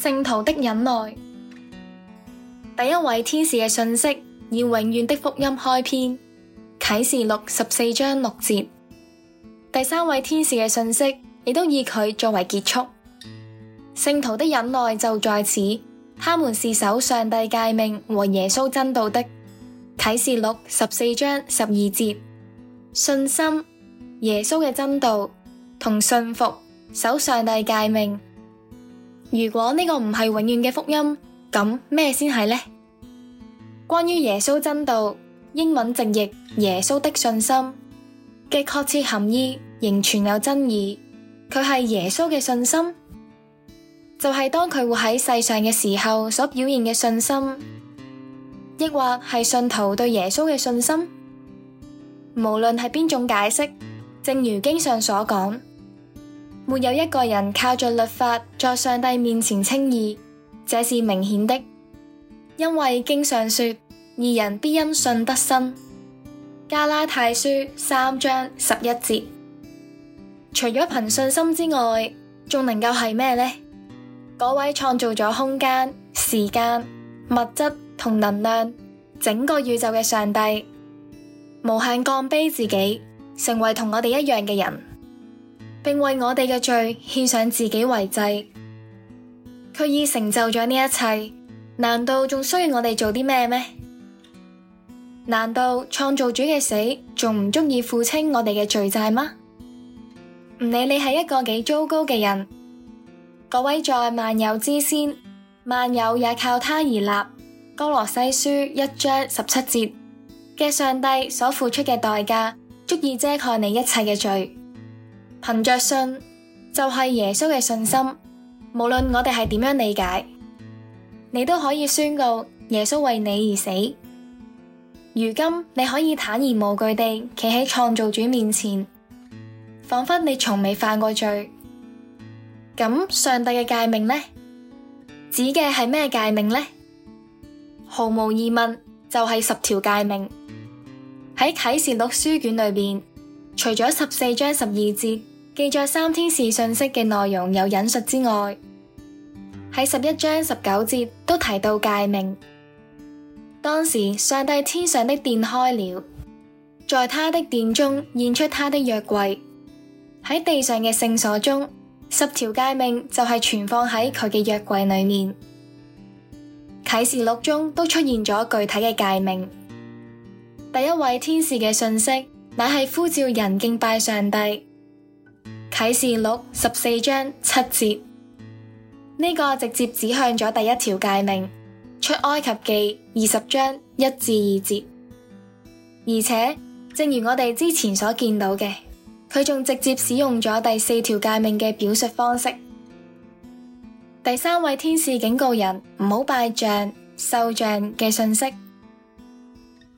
聖徒的忍耐，第一位天使嘅信息以永遠的福音開篇，啟示錄十四章六節。第三位天使嘅信息亦都以佢作為結束。聖徒的忍耐就在此，他們是守上帝誡命和耶穌真道的，啟示錄十四章十二節。信心、耶穌嘅真道同信服，守上帝誡命。如果呢個唔係永遠嘅福音，咁咩先係呢？關於耶穌真道，英文直譯耶穌的信心嘅確切含義仍存有爭議。佢係耶穌嘅信心，就係當佢活喺世上嘅時候所表現嘅信心，亦或係信徒對耶穌嘅信心。無論係邊種解釋，正如經上所講。沒有一個人靠着律法在上帝面前稱義,這是明顯的。因為經上說,二人必因信得生。加拉太書三章十一節除咗憑信心之外,仲能夠係咩呢?嗰位創造咗空間,時間,物質同能量,整個宇宙嘅上帝。無限降卑自己,成為同我哋一樣嘅人。並為我哋嘅罪獻上自己為祭，佢已成就咗呢一切，難道仲需要我哋做啲咩咩？難道創造主嘅死仲唔足以付清我哋嘅罪債嗎？唔理你係一個幾糟糕嘅人，各位在萬有之先，萬有也靠他而立，《哥羅西書》一章十七節嘅上帝所付出嘅代價，足以遮蓋你一切嘅罪。憑着信，就係、是、耶穌嘅信心。無論我哋係點樣理解，你都可以宣告耶穌為你而死。如今你可以坦然無懼地企喺創造主面前，仿佛你從未犯過罪。咁上帝嘅誡命呢？指嘅係咩誡命呢？毫無疑問，就係、是、十條誡命喺啟示錄書卷裏面。除咗十四章十二節記載三天使信息嘅內容有引述之外，喺十一章十九節都提到誡命。當時上帝天上的殿開了，在他的殿中現出他的約櫃。喺地上嘅聖所中，十條誡命就係存放喺佢嘅約櫃裏面。啟示錄中都出現咗具體嘅誡命。第一位天使嘅信息，乃係呼召人敬拜上帝，啟示錄十四章七節。呢、這個直接指向咗第一條誡命，出埃及記二十章一至二節。而且，正如我哋之前所見到嘅，佢仲直接使用咗第四條誡命嘅表述方式。第三位天使警告人唔好拜像、受像嘅信息。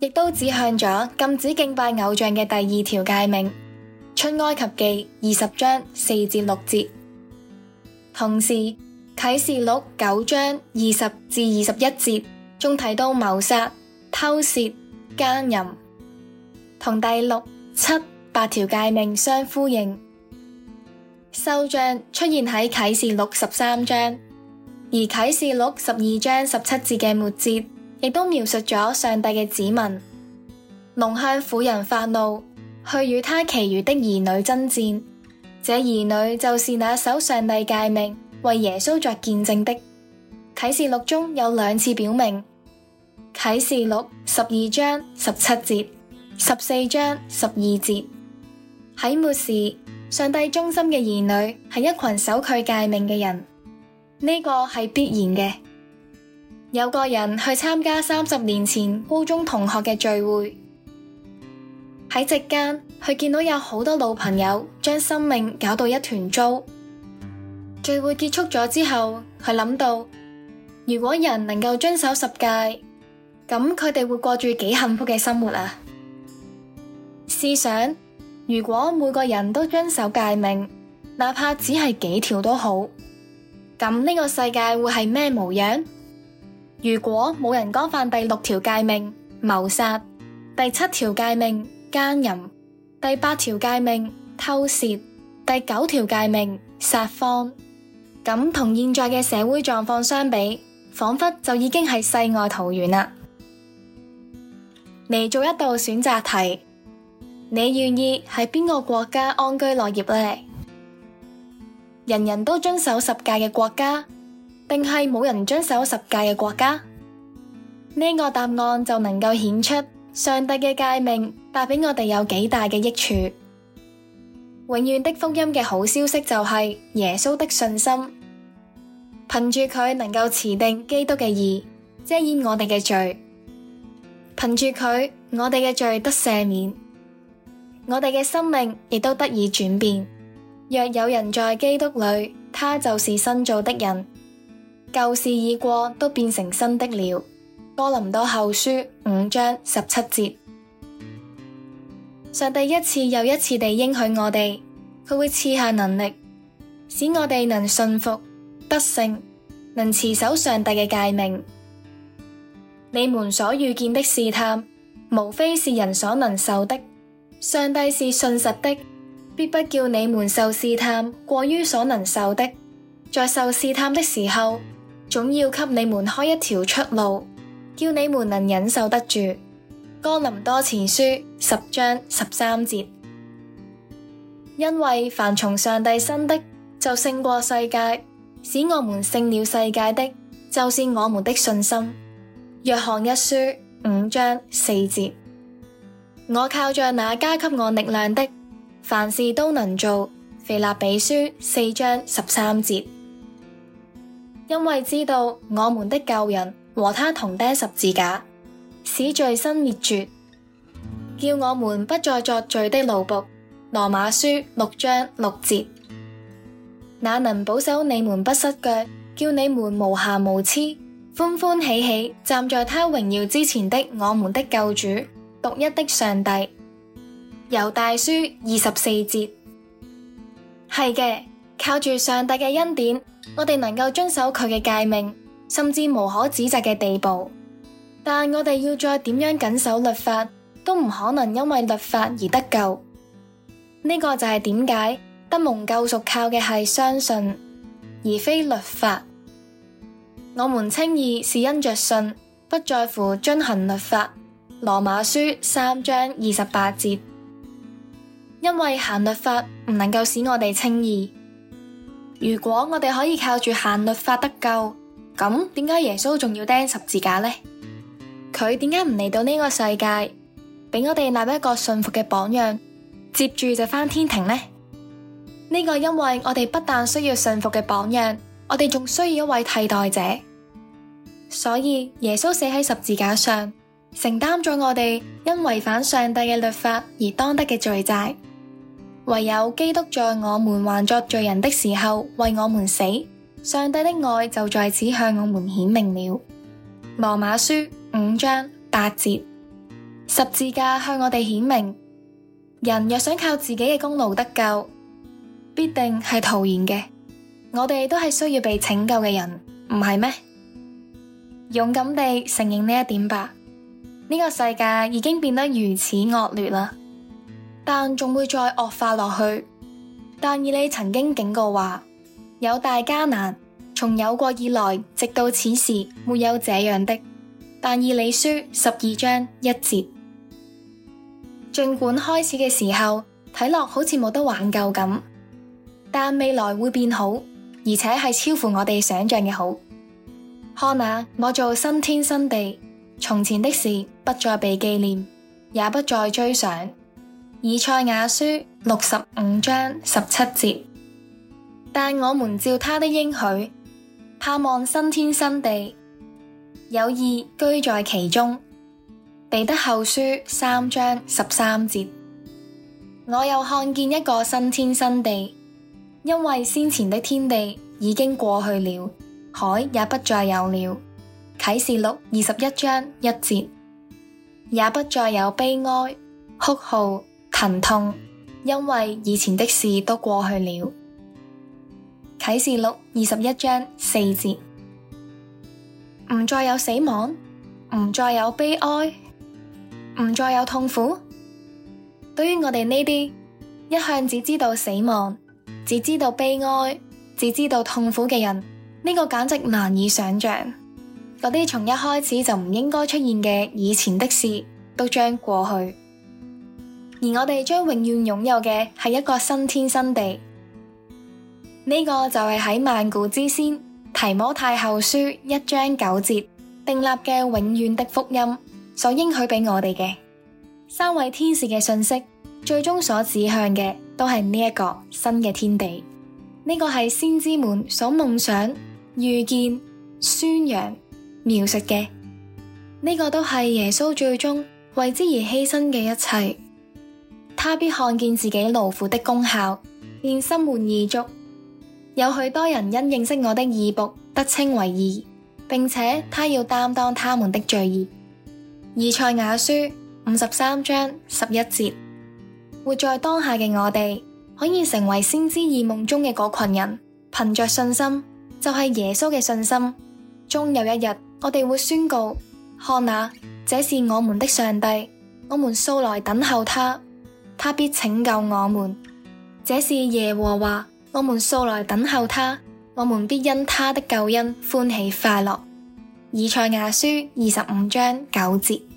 亦都指向咗禁止敬拜偶像嘅第二條誡命，《出埃及記》二十章四至六節。同時，《啟示錄》九章二十至二十一節中提到謀殺、偷竊、奸淫，同第六、七、八條誡命相呼應。獸像出現喺《啟示錄》十三章，而《啟示錄》十二章十七節嘅末節。亦都描述咗上帝嘅子民，龍向婦人發怒，去與他其餘的兒女爭戰。這兒女就是那守上帝誡命、為耶穌作見證的。啟示錄中有兩次表明，啟示錄十二章十七節、十四章十二節。喺末時，上帝忠心嘅兒女係一群守佢誡命嘅人，呢、這個係必然嘅。有個人去參加三十年前高中同學嘅聚會，喺席間佢見到有好多老朋友將生命搞到一團糟。聚會結束咗之後，佢諗到如果人能夠遵守十戒，咁佢哋會過住幾幸福嘅生活啊！試想，如果每個人都遵守戒命，哪怕只係幾條都好，咁呢個世界會係咩模樣？如果冇人干犯第六條誡命謀殺，第七條誡命奸淫，第八條誡命偷竊，第九條誡命撒謊，咁同現在嘅社會狀況相比，仿佛就已經係世外桃源啦。嚟做一道選擇題，你願意喺邊個國家安居樂業呢？人人都遵守十誡嘅國家。定係冇人遵守十誡嘅國家？呢個答案就能夠顯出上帝嘅誡命帶畀我哋有幾大嘅益處。永遠的福音嘅好消息就係耶穌的信心，憑住佢能夠持定基督嘅義遮掩我哋嘅罪，憑住佢我哋嘅罪得赦免，我哋嘅生命亦都得以轉變。若有人在基督裏，他就是新造的人。舊事已過，都變成新的了。哥林多後書五章十七節。上帝一次又一次地應許我哋，佢會賜下能力，使我哋能信服、得勝，能持守上帝嘅誡命。你們所遇見的試探，無非是人所能受的。上帝是信實的，必不叫你們受試探過於所能受的。在受試探的時候，總要給你們開一條出路，叫你們能忍受得住。哥林多前書十章十三節。因為凡從上帝生的，就勝過世界；使我們勝了世界的，就是我們的信心。約翰一書五章四節。我靠着那加給我力量的，凡事都能做。腓立比書四章十三節。因為知道我們的舊人和他同釘十字架，使罪身滅絕，叫我們不再作罪的奴僕。羅馬書六章六節。那能保守你們不失腳，叫你們無瑕無疵，歡歡喜喜站在他榮耀之前的我們的救主，獨一的上帝。猶大書二十四節。係嘅，靠住上帝嘅恩典。我哋能夠遵守佢嘅誡命，甚至無可指責嘅地步，但我哋要再點樣謹守律法，都唔可能因為律法而得救。呢個就係點解得蒙救贖靠嘅係相信，而非律法。我們稱義是因着信，不在乎遵行律法。羅馬書三章二十八節，因為行律法唔能夠使我哋稱義。如果我哋可以靠住行律法得救，咁點解耶穌仲要釘十字架呢？佢點解唔嚟到呢個世界，畀我哋立一個信服嘅榜樣，接住就返天庭呢？呢、呢個因為我哋不但需要信服嘅榜樣，我哋仲需要一位替代者，所以耶穌死喺十字架上，承擔咗我哋因違反上帝嘅律法而當得嘅罪債。唯有基督在我們還作罪人的時候為我們死，上帝的愛就在此向我們顯明了。羅馬書五章八節。十字架向我哋顯明，人若想靠自己嘅功勞得救，必定係徒然嘅。我哋都係需要被拯救嘅人，唔係咩？勇敢地承認呢一點吧。呢個世界已經變得如此惡劣啦。但仲會再惡化落去。但以理曾經警告話，有大艱難，從有國以來直到此時沒有這樣的。但以理書十二章一節。盡管開始嘅時候睇落好似冇得挽救咁，但未來會變好，而且係超乎我哋想象嘅好。看啊，我做新天新地，從前的事不再被紀念，也不再追想。以賽亞書六十五章十七節。但我們照他的應許，盼望新天新地，有義居在其中。彼得後書三章十三節。我又看見一個新天新地，因為先前的天地已經過去了，海也不再有了。啟示錄二十一章一節。也不再有悲哀、哭號疼痛，因為以前的事都過去了。啟示錄二十一章四節，唔再有死亡，唔再有悲哀，唔再有痛苦。對於我哋呢啲一向只知道死亡、只知道悲哀、只知道痛苦嘅人，呢個簡直難以想象。嗰啲從一開始就唔應該出現嘅以前的事，都將過去。而我哋將永遠擁有嘅係一個新天新地，呢、這個就係喺萬古之先，提摩太後書一章九節訂立嘅永遠的福音所應許俾我哋嘅。三位天使嘅信息，最終所指向嘅都係呢一個新嘅天地。呢、這個係先知們所夢想、預見、宣揚、描述嘅，呢、這個都係耶穌最終為之而犧牲嘅一切。他必看見自己勞苦的功效，便心滿意足。有許多人因認識我的義僕，得稱為義，並且他要擔當他們的罪孽。以賽亞書五十三章十一節。活在當下嘅我哋，可以成為先知異夢中嘅嗰群人，憑着信心，就係、是、耶穌嘅信心。終有一日，我哋會宣告：看哪，這是我們的上帝，我們素來等候他。他必拯救我們。這是耶和華，我們素來等候他，我們必因他的救恩歡喜快樂。以賽亞書二十五章九節。